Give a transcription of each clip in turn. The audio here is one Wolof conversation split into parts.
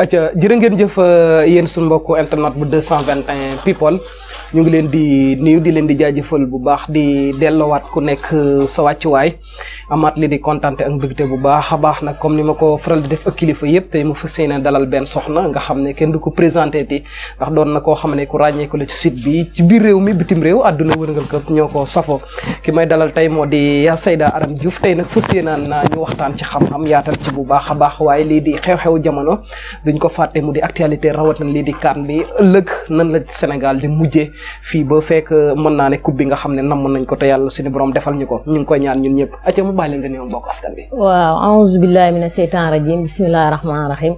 acca jërë ngeen jëf euh, yéen suñu mbokku internet bu 221 people ñu ngi leen di nuyu di leen di jaajëfal bu baax di delloowaat ku nekk uh, sa wàccuwaay amaat li di kontaan ak mbégte bu baax a baax na comme ni ma ko faral di def ak kilifa yëpp tey mu fas yéene dalal benn soxna nga xam ne kenn du ko présenté ti ndax doon na koo xam ne ku ràññeeku la ci site bi ci biir réew mi bitim réew àdduna wërngal këpp ñoo ko safo ki may dalal tey moo di Ya Sayda Aram Diouf tey nag fas yéenaan naa ñu waxtaan ci xam-xam yaatal ci bu baax a baax waaye lii di xew-xew jamono duñ ko fàtte mu di actualité rawatina lii di kan bi ëllëg nan la Sénégal di mujjee fii ba fekk mën naa ne coupe bi nga xam ne namm nañ ko te yàlla suñu borom defal ñu ko ñu ngi koy ñaan ñun ñëpp aca mu bàyyi leen te ñoom bokk askan bi waaw aouzu billahi mina seytaan rajim bismillahi rahmaani rahim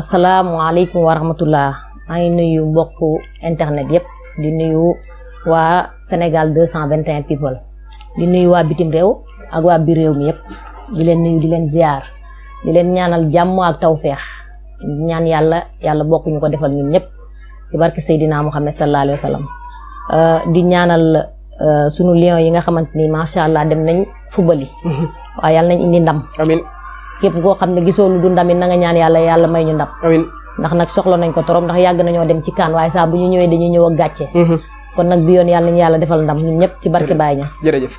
asalaamualeykum wa rahmatullah maa ngi nuyu mbokk internet yëpp di nuyu waa Sénégal 221 people di nuyu waa bitim réew ak waa biir réew mi yëpp di leen nuyu di leen ziar di leen ñaanal jàmm ak taw tawféex ñaan yàlla yàlla bokkuñu ko defal ñun ñëpp ci barke Seydina Muhammad sallallahu alayhi wa sallam euh, di ñaanal euh, sunu lion yi nga xamante ni macha allah dem nañ fubali. Mhm. waaye yàlla nañ indi ndam. amiin képp koo xam ne gisoo lu du ndamit na nga ñaan yàlla yàlla may ñu ndam. ndax nag soxla nañ ko trop ndax yàgg nañoo dem ci kaan waaye saa bu ñu ñëwee dañuy ñëw ak gàcce. Mhm. kon nag bi yoon yàlla nañu yàlla defal ndam ñun ñëpp ci barke Baye Niass jërëjëf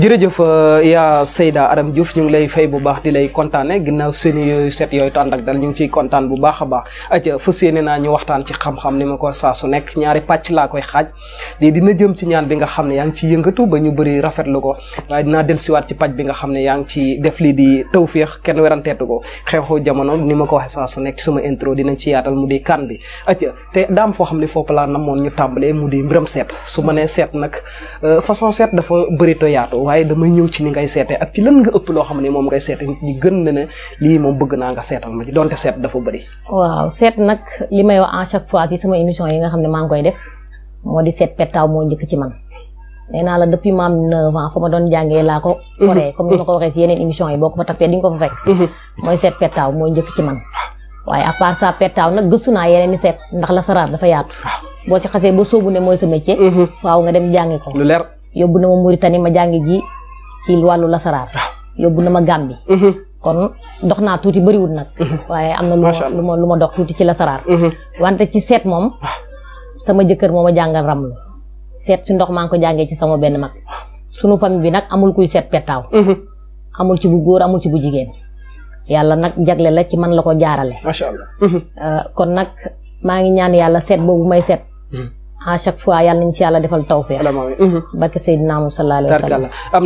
jërëjëf euh, yaa Seyda Aram Diouf ñu ngi lay fay bu baax di lay kontaane ginnaaw seeni yooyu set yooyu tànd ak dal ñu ngi ciy kontaan bu baax a baax aja fas yéene naa ñu waxtaan ci ni ma ko saa su nekk ñaari pàcc laa koy xaaj lii dina jëm ci ñaan bi nga xam ne yaa ngi ci yëngatu ba ñu bëri rafetlu ko waaye dinaa dellusiwaat ci pàcc bi nga xam ne yaa ngi ci def lii di tawféex kenn weranteetu ko xew jamono ni ma ko waxee saa su nekk suma intro dina ci yaatal mu di kan bi aja te daam foo xam ne foofu laa namoon ñu tàmbalee mu di mbiram seet su ma nee seet nag euh, façon seet dafa bëri te yaatu waaye damay ñëw ci ni ngay seetee ak ci lan nga ëpp loo xam ne moom ngay seete nit ñi gën na ne lii moom bëgg naa nga seetal ma ci seet dafa bëri. waaw seet nag li may wax à chaque fois ci sama yi nga xam ne maa ngi koy def moo di seet pettaaw moo njëkk ci man. nee la depuis ma am 9 ans fa ma doon jàngee laa ko. Mhm. foree comme ni ma ko waxee si yeneen émission yi boo ko fa tapee di ko fa fekk. Mhm. mooy seet pettaaw moo njëkk ci man. waaye à part ça pertaaw nag gëstu naa yeneen seet ndax la saraar dafa yaatu. Ah. boo ci xasee ba sóobu ne mooy sa métier. waaw mhm. nga dem jàngi ko. lu leer yóbbu na ma Mauritanie ma jàngi ji ci wàllu la ah. yóbbu na ma Gambie. Mhm. kon dox naa tuuti bëriwul nag. Mhm. am na lu ma lu ma dox tuuti ci la saraar. wante ci seet moom. Ah. sama jëkkër moo ma jàngal ramlu seet si ndox maa ngi ko jàngee ci sama benn mag. sunu famille bi nag amul kuy seet pettaaw. amul ci bu góor amul ci bu jigéen. yàlla nag jagle la ci man la ko jaarale. macha allah. Euh, kon nag maa ngi ñaan yàlla seet boobu may seet. Hmm. à chaque fois yàlla nañu ci yàlla defal mhm.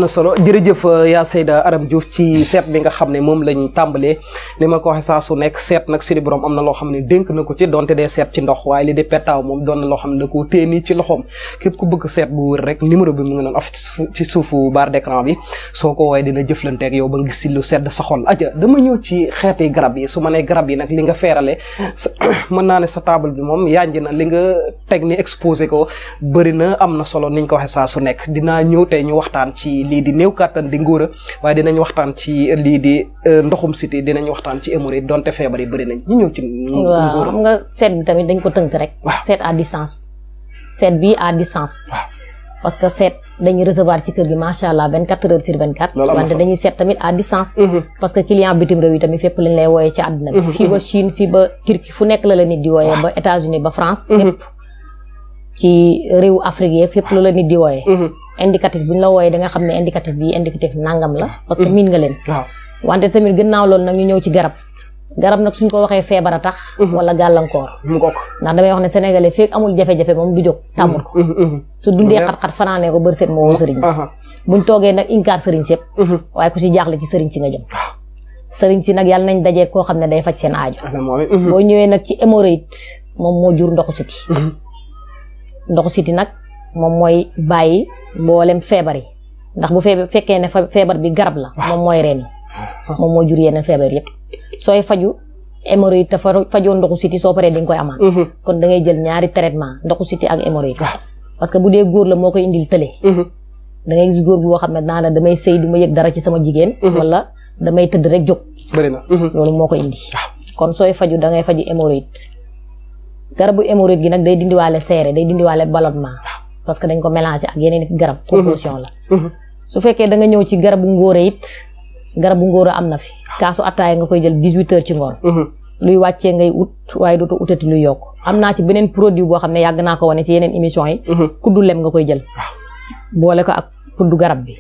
na solo jërëjëf euh, yaa Seyda Arame Diouf ci seet bi nga xam ne moom lañ tàmbalee ni ma ko waxee saa su nekk seet nag suñu borom am na loo xam ne dénk na ko ci donte seet ci ndox waaye li di pettaaw moom na loo xam ne da koo téye nii ci loxoom képp ku bëgg seet bu wér rek numéro bi mu ngi noonu af ci suufu barre bi soo ko wooye dina jëflanteeg yow ba nga gis ci lu sedd sa xol aja dama ñëw ci xeeti garab yi su ma nee garab yi nag li nga feerale mën naa ne sa table bi moom yanji na li nga teg ni expo posé ko bëri na am na solo niñ ko waxee saa su nekk dinaa ñëw tey ñu waxtaan ci lii di néew kàttan di ngóora waaye dinañ waxtaan ci lii di euh, ndoxum cité dinañ waxtaan ci hémorroïde donte feebar yi ñu ñëw ci waaw xam nga seet bi tamit dañ ko tënk rek seet à distance seet bi à distance parce que seet dañuy recevoir ci kër gi macha allah 24 heures sur 24. wante dañuy seet tamit à distance. Mm-hmm. parce que client bitim réew yi tamit fépp lañ lay wooyee mm-hmm. la la nit di wooyee. ba États-Unis mm-hmm. ci réew Afrique yeeg fépp lu nit di wooyee. Mhm. indicatif bi la wooyee da nga xam ne indicatif bi indicatif nangam la. Mhm. parce que miin nga leen. wante tamit gannaaw loolu nag ñu ñëw ci garab. garab nag suñ ko waxee feebar a tax. Mhm. wala gàllankoor. mu ko ndax damay wax ne sénégalais feeg amul jafe-jafe moom du jóg tàmmul ko. su dundee xat-xat fanaanee ko bër seet moo woo sëriñ buñ toogee nag inkaar sëriñ sépp waaye ku si jaaxle ci sëriñ si nga jëm. Ah. sëriñ si nag yàlla nañ dajee koo xam ne day faj seen aajo. boo ñëwee nag moo jur ndoxu siti ndoxu siti nag moom mooy bàyyi mboolem feebar yi ndax bu feeb fekkee ne feebar bi garab la moom mooy reen moom mooy jur yeneen feebar yëpp sooy faju hémorroïde ta fa fajoo ndoxu siti soo paree di koy amaat mm-hmm. kon da ngay jël ñaari traitement ndoxu siti ak hémorroïde parce que bu dee góor la moo koy indil tële mm-hmm. da ngay gis góor boo xam ne naa la damay sëy du ma yëg dara ci sama jigéen mm-hmm. wala damay tëdd rek jóg bëri na loolu moo koy indi kon sooy faju da ngay faju hémorroïde garabu hémorroïde gi nag day dindiwaale seere day dindiwaale ballonnement parce que dañ ko mélangé ak yeneen garab mhm. proportion la mhm. su fekkee da nga ñëw ci garabu ngóore it garabu ngóore am na fi kaasu attaaya nga koy jël dix-huit heures ci ngoon mhm. luy wàccee ngay ut waaye dootoo utati luy yokk am naa ci beneen produit boo xam ne yàgg naa ko wane ci yeneen émission yi kuddu lem nga koy jël boole ko ak kuddu garab bi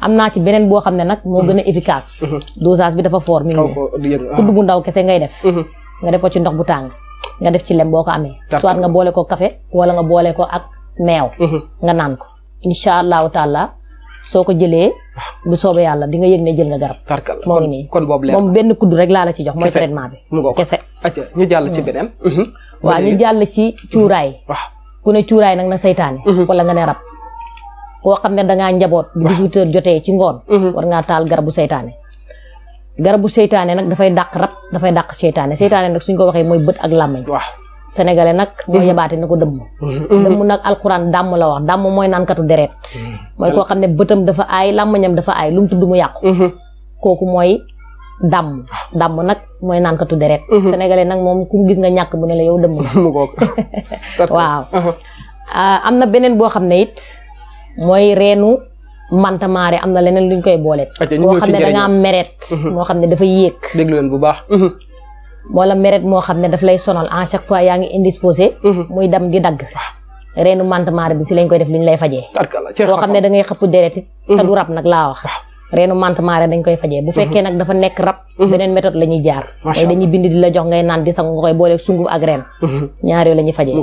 am naa ci beneen boo xam ne nag moo gën a efficace dosage bi dafa nga def ci lem boo ko amee soit nga boole ko café wala nga boole ko ak meew mhm. nga naan ko incha allahu taala soo ko jëlee bu soobee yàlla di nga yëg ne jël nga garab moo ngi nii kon boobu leer moom benn kudd rek laa la ci jox mooy traitement bi kese ñu jàll ci mm. beneen mhm. waaw ñu jàll ci cuuraay mhm. ku ne cuuraay nag na saytaane wala nga ne rab koo xam ne dangaa njaboot bu 18 heures jotee ci ngoon war ngaa taal garabu saytaane bu seytaane nag dafay dàq rab dafay dàq seytaane seytaane nag suñ ko waxee mooy bët ak làmmiñ sénégalais nag mooy yabaate na ko dëmm mm-hmm. dëmm nag alxuraan dàmm la wax dàmm mooy naankatu deret mm-hmm. mooy koo xam ne bëtam dafa aay làmmiñam dafa aay lu mu tudd mu yàqu mm-hmm. kooku mooy dàmm dàmm nag mooy naankatu deret sénégalais nag moom ku gis nga ñàkk bu ne la yow dëmm waaw uh-huh. ah, am na beneen boo xam ne it mooy reenu manta maare am na leneen luñ koy boole. moo ah, xam ne da ngaa meret. moo mhm. xam ne dafa yéeg. déglu bu baax. Mhm. wala meret moo xam ne daf lay sonal à chaque fois yaa ngi indisposé. Mhm. muy dam di dagg. Ah. reenu manta maare bi si lañ koy def li lay fajee. boo xam ne da ngay xëpp deret. te du rab nag laa wax. Ah. reenu mante maare dañ koy fajee bu fekkee mhm. nag dafa nekk rab mhm. beneen méthode la ñuy jaar tey dañuy bind di la jox ngay naan di sangu nga koy booleeg sunguf ak reen mhm. ñaar yooyu fajee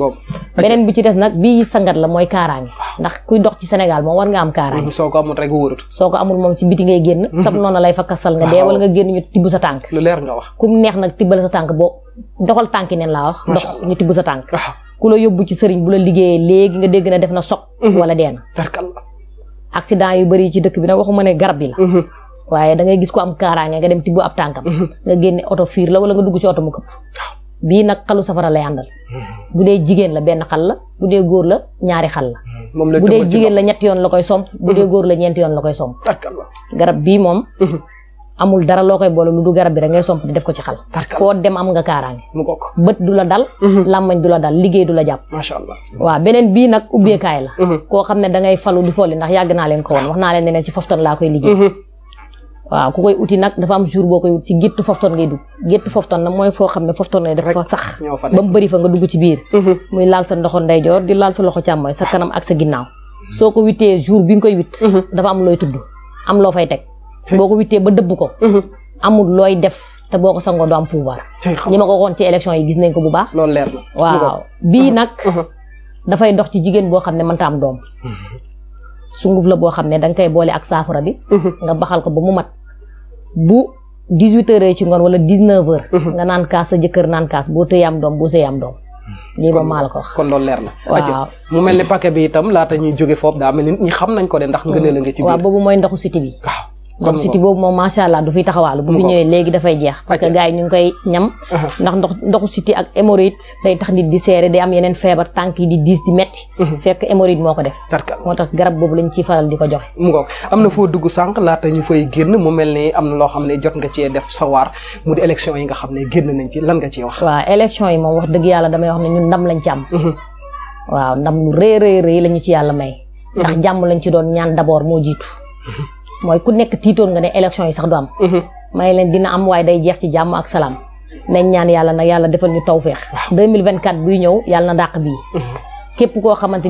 beneen bi ci des nag bii sangat la mooy kaaraange ndax kuy dox ci Sénégal moom war nga am kaaraange soo ko amul rek wóorut soo ko amul moom ci biti ngay génn sab noonu lay fa kasal nga dee wala nga génn ñu tibb sa tànk lu leer nga wax sa tànk boo doxal tànk neen laa wax dox ñu tibb sa tànk ku la yóbbu ci sëriñ bu liggéeyee léegi nga dégg na def na soq wala deen accident yu bëri ci dëkk bi nag waxuma ne garab yi la. Mhm. waaye da ngay gis ko am kaaraange nga dem tibbu ab tànkam. Mhm. nga génne oto fiir la wala nga dugg ci oto mu këpp. bii nag xalu safara lay àndal. Mhm. bu dee jigéen la benn xal la bu dee góor la ñaari xal la. bu dee jigéen la ñetti yoon la koy somp. bu dee góor la ñeenti yoon la koy somp. garab bii moom. amul dara loo koy boole lu du gara bi rek ngay somp di def ko ci xal foo dem am nga kaaraange bët du la dal mhm. làmmañ du la dal liggéey du la jàpp macha allah waaw beneen bii nag ubbeekaay la mhm. koo xam ne da ngay falu di folli ndax yàgg naa leen ko woon wax naa leen ne ne ci fofton laa koy liggéey mhm. waaw ku koy uti nag dafa am jour boo koy wut ci géttu fofton ngay dugg géttu fofton nag mooy foo xam ne fofton ngay def sax ba mu bëri fa nga dugg ci biir muy laal sa ndoxo ndeyjoor di laal sa loxo càmmooy sa kanam ak sa ginnaaw soo ko witee jour bi nga koy wit dafa am looy tudd am loo fay teg boo ko wittee ba dëbb ko uh-huh. amul looy def te boo ko sangoo doom am pouvoir ñi ma ko waxoon ci élection yi gis nañ ko bu baax lool leer na waaw bii nag uh-huh. Uh-huh. dafay dox ci jigéen boo xam ne mënta am doom la boo xam ne danga koy boole ak saafara bi nga baxal ko ba mu mat bu dix ci ngoon wala dix neuf naan kaas sa naan kaas boo tëyee am doom boo sëyee am doom hmm. lii ba maa ko wax kon loolu leer na waaw mu mel ni paquet bi itam laata ñuy jóge foofu daa mel ni ñi xam nañ ko de ndax hmm. ngëneel a nga ci biir waaw boobu mooy ndoxu siti bi kon siti moom macha allah du fi taxawaalu bu tax nit di seere day am yeneen feebar tànk yi di di metti fekk hémorroïde moo ko def moo tax garab boobu lañ ciy di ko joxe mu ngoog am na laata ñu fay génn mu mel ni am loo xam ne jot nga cee def sawaar mu di élection yi nga xam ne génn nañ ci lan nga ciy wax waaw élection yi moom wax dëgg yàlla damay wax ne ñun ndam lañ ci am waaw ndam lu rëy rëy rëy la ñu ci yàlla may ndax jàmm lañ ci doon ñaan d'abord moo jiitu mooy ku nekk tiitoon nga ne élection yi sax du am. Mhm. may leen dina am waaye day jeex ci jàmm ak salaam nañ ñaan yàlla nag yàlla defal ñu tawféex. 2024 buy ñëw yàlla na dàq bii. Mhm. képp koo xamante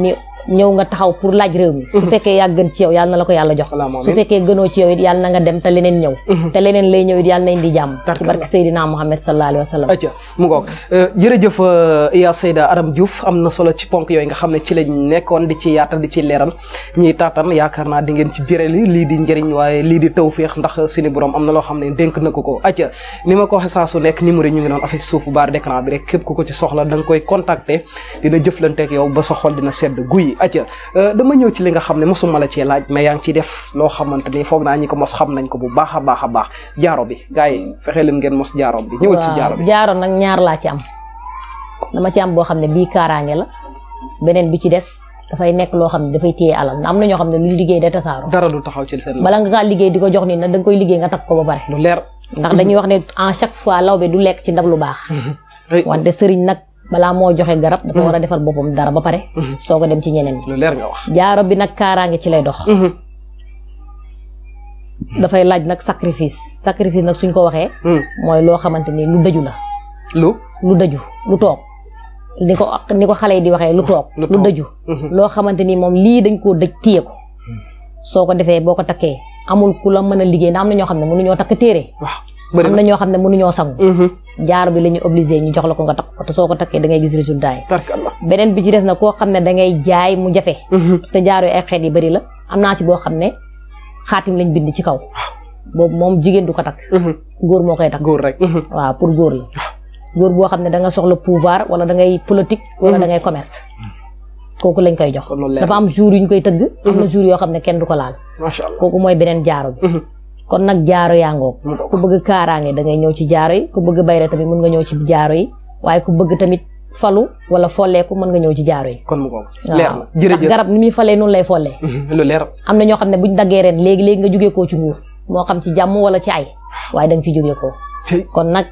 ñëw nga taxaw pour laaj réew mi su mhm. fekkee yaa gën ci yow yàlla na la ko yàlla jox su fekkee gënoo ci yow it yàlla na nga dem te leneen ñëw mhm. te leneen lay ñëw it yàlla na indi jàmm ci barke Seydina euh, euh, am na solo ci ponk yooyu nga xam ne ci lañ nekkoon di ci yaatal di ci leeral ñiy taataan yaakaar naa di ngeen ci jërëli lii di njëriñ waaye lii di tawféex ndax suñu borom am na loo xam ne dénk na ko ko aca ni ma ko waxee saa su nekk numéro ñu ngi noon affiche suufu barre d'écran bi rek képp ko ci soxla da nga koy contacter dina jëflanteek yow ba sa xol dina sedd guyi aja euh, dama ñëw ci li nga xam ne mosuma la cee laaj mais yaa ngi ciy def loo xamante ni foog naa ñi ko mos xam nañ ko bu baax a baax a baax jaaro bi gars yi fexe leen ngeen mos jaaro bi ñëwal ci jaaro jaaro nag ñaar laa ci am dama ci am boo xam ne bii kaaraange la beneen bi ci des dafay nekk loo xam ne dafay téye alal am na ñoo xam ne luñ liggéey day tasaaroo dara du taxaw ci seen bala nga kaa liggéey di ko jox nit nag da nga koy liggéey nga takk ko ba pare lu leer ndax dañuy wax ne en chaque fois lawbe du lekk ci ndab lu baax balaa moo joxe garab dafa war a mm-hmm. defar boppam dara ba pare mm-hmm. soo ko dem ci ñeneen lu leer nga wax jaaro bi nag kaaraange ci lay dox mm-hmm. dafay laaj nag sacrifice sacrifice nag suñ ko waxee mm. mooy loo xamante ni lu daju la lu lu dëju lu toog ni ko ni ko xale yi di waxee lu toog lu dëju loo xamante ni moom lii dañ koo dëj téye ko mm. soo ko defee boo ko takkee amul ku la mën a liggéey ndax am na ñoo xam ne mënuñoo takk téere am na ñoo xam ne mënuñoo sangu jaaro bi la ñu obligé ñu jox la ko nga takk ko te soo ko takkee da ngay gis résultat yi beneen bi ci des na koo xam ne da ngay jaay mu jafe mhm. parce que jaar yooyu ay xeet yi bari la am naa ci boo xam ne xaatim lañ bind ci kaw boobu moom jigéen du ko takk mhm. góor moo koy takk góor rek mhm. waaw pour góor la góor boo xam ne da nga soxla pouvoir wala da ngay politique wala da ngay commerce kooku lañ koy jox dafa am jour yu ñu koy tëgg am na jour yoo xam ne kenn du ko laal kooku mooy beneen jaaro bi kon nag jaaro yaa ngoog ku bëgg kaaraange da ngay ñëw ci jaaro yi ku bëgg bayre tamit mën nga ñëw ci jaaro yi waaye ku bëgg tamit falu wala folleeku mën nga ñëw ci jaaro yi kon mu garab ni muy falee noonu lay follee mm-hmm. lu leer am na ñoo xam ne buñ daggee ren léegi léegi nga jógee koo ci nguur moo xam ci jàmm wala ci ay waaye da nga fi jógee koo kon nag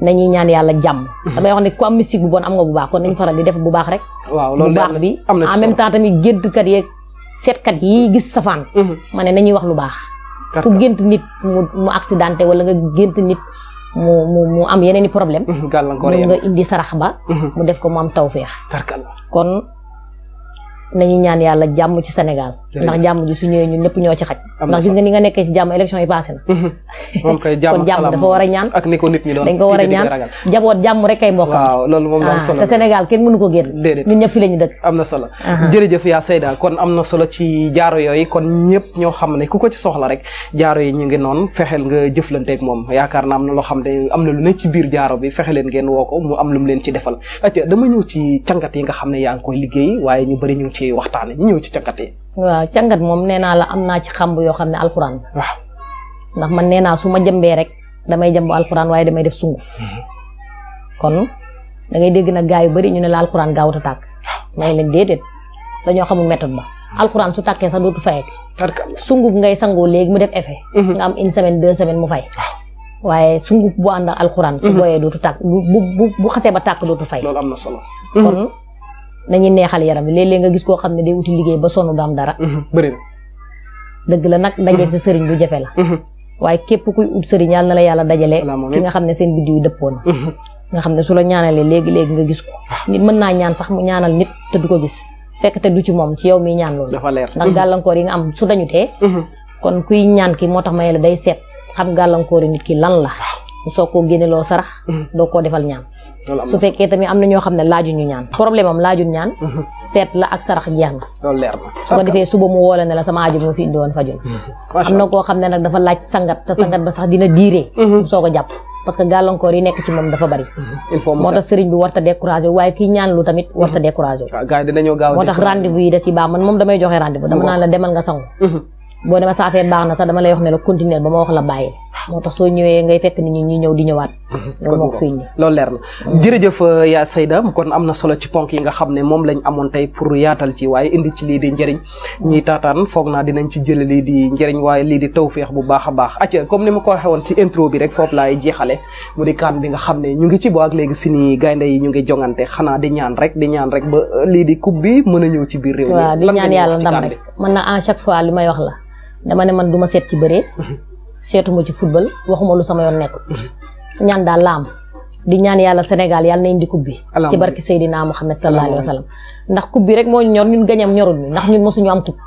nañuy ñaan yàlla jàmm mm-hmm. damay wax ne ku am mystique bu bon am nga bu baax kon nañ faral di def bu baax rek waaw loolu bu baax bi en même temps tamit géntkat yeeg seetkat yi gis safaan mm-hmm. ma ne nañuy wax lu baax ku gént nit mu mu accidenté wala nga gént nit mu mu am yeneen i problème mhm, gàllankoor nga indi sarax ba mhm. mu def ko mu am tawféex kon nañu ñaan yàlla jàmm ci Sénégal ndax jàmm ji ñoo ci xaj ndax gis nga ni nga nekkee ci yi passé na moom jàmm dafa war a ñaan ak ni nit ñi doon dañ ko war a ñaan jaboot jàmm rek kay mbokk waaw loolu moom am ah, solo te Sénégal kenn mënu ko génn déedéet ñëpp fi la ñu dëkk am na solo jërëjëf yaa Seyda kon am na solo ci jaaro yooyu kon ñëpp ñoo xam ne ku ko ci soxla rek jaaro yi ñu ngi noon fexeel nga jëflanteeg moom yaakaar na am na loo xam ne am na lu ne ci biir jaaro bi fexe leen ngeen woo ko mu am lu leen ci defal acca dama ñëw ci cangat yi nga xam ne yaa ngi koy liggéey waaye ñu bëri ñu ngi ci waxtaane ñu ñëw ci cangat yi waaw càngat moom nee naa la am naa ci xamb yoo xam ne alxuraan. waaw ndax man nee naa su ma jëmbee rek damay jëmb alxuraan waaye damay def sunguf mm-hmm. kon da ngay dégg nag gaa yu bari ñu ne la alxuraan gaawut a tàkk. may leen déedéet dañoo xamu méthode ba. Mm-hmm. alxuraan su tàkkee sax dootu fayati. sunguf ngay sangoo léegi mu def effet. Mm-hmm. nga am une semaine deux semaine mu fay. waaye sunguf bu ànd ak alxuraan. su booyee dootu tàkk bu bu bu xasee ba tàkk dootu fay. loolu am na kon. nañu neexal yaram léeg-léeg nga gis koo xam ne day wuti liggéey ba sonn du am dara. Mhm, dëgg la nag dajeeg mhm. sa sëriñ du jafe la. Mhm. waaye képp kuy ut sëriñ yàlla na la yàlla dajale. ki nga xam ne seen biddiw yi dëppoo nga xam ne su la ñaanalee léegi léegi nga gis ko. Ah. nit mën naa ñaan sax mu ñaanal nit ta du ko gis fekk te du ci moom ci yow mi ñaan loolu. dafa leer ndax gàllankoor yi nga am su dañu tee. kon kuy ñaan ki moo tax ma ne la day seet xam gàllankoor yi nit ki lan la. ñu soog koo génneloo sarax mm-hmm. doo koo defal ñaan su fekkee tamit am na ñoo xam ne laajuñu ñaan problème am ñaan mm-hmm. seet la ak sarax jeex na loolu ko defee suba mu woola ne la sama aajo bi ma fi indi woon fajun mm-hmm. am na koo xam ne nag dafa laaj sangat te sangat ba sax dina diiree mu soog a jàpp parce que gàllankoor yi nekk ci moom dafa bari moo tax sëriñ bi warta découragé waaye kii ñaan lu tamit warta découragé moom damay joxe rendez dama naan la demal nga sangu boo demee sa affaire baax na sax dama lay wax ne la continuer ba ma wax la bàyyi ah. moo tax soo ñëwee ngay fekk nit ñi ñuy ñëw di ñëwaat mm-hmm. loolu leer na mm-hmm. jërëjëf euh, yaa Sayda kon am na solo ci ponk yi nga xam ne moom lañ amoon tey pour yaatal ci waaye indi ci lii di njëriñ mm-hmm. ñiy taataan foog naa dinañ ci jële lii di njëriñ waaye lii di tawféex bu baax a baax acca comme ni ma ko waxee woon ci intro bi rek foofu mu di bi nga xam ne ñu ngi ci boo ak si ni gaynde yi ñu ngi jongante xanaa di ñaan rek di ñaan rek ba euh, lii di kub bi mën a ñëw ci biir réew mi di ñaan yàlla ndam rek man na à chaque fois li may wax la dama ne man du ma seet ci bëree seetuma ci football waxuma lu sama yoon nekkul ñaan daal laam di ñaan yàlla Sénégal yàlla na indi coupe bi ci barki Seydina Mouhamed sallallahu alayhi wa sallam ndax coupe bi rek moo ñor ñun gañam ñorul ñu ndax ñun am coupe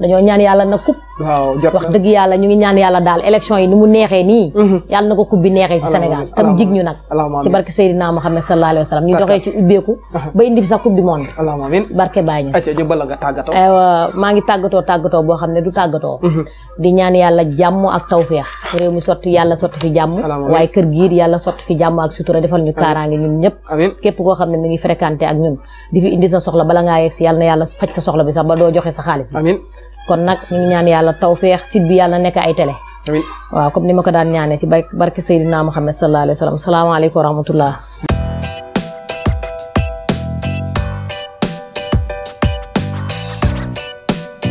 dañoo ñaan yàlla na kub waaw wax dëgg yàlla ñu ngi ñaan yàlla daal élection yi ni mu neexee nii mhm. yàlla na ko kub bi neexee ci Sénégal tam jig ñu nag ci barke Seydina Mouhamed sallallahu alayhi wa sallam ñu doxee ci ubbeeku ba indi fi sax coupe maa ngi tàggatoo tàggatoo boo xam ne du tàggatoo mhm. di ñaan yàlla jàmm ak tawféex réew mi yàlla sotti fi jàmm waaye kër giir yàlla sotti fi jàmm ak sutura defal ñu kaaraange ñun ñëpp képp koo xam ne mi ngi fréquenté ak ñun di fi indi sa soxla bala ngaa yegg yàlla na yàlla faj sa soxla bi sax ba doo joxe sa xaalis kon nag ñu ngi ñaan yàlla tawféex site bi yàlla nekk ay télé. amiin waaw comme ni ma ko daan ñaanee ci barke Seydina Muhammad sallallahu alayhi wa sallam salaamaaleykum wa rahmatullah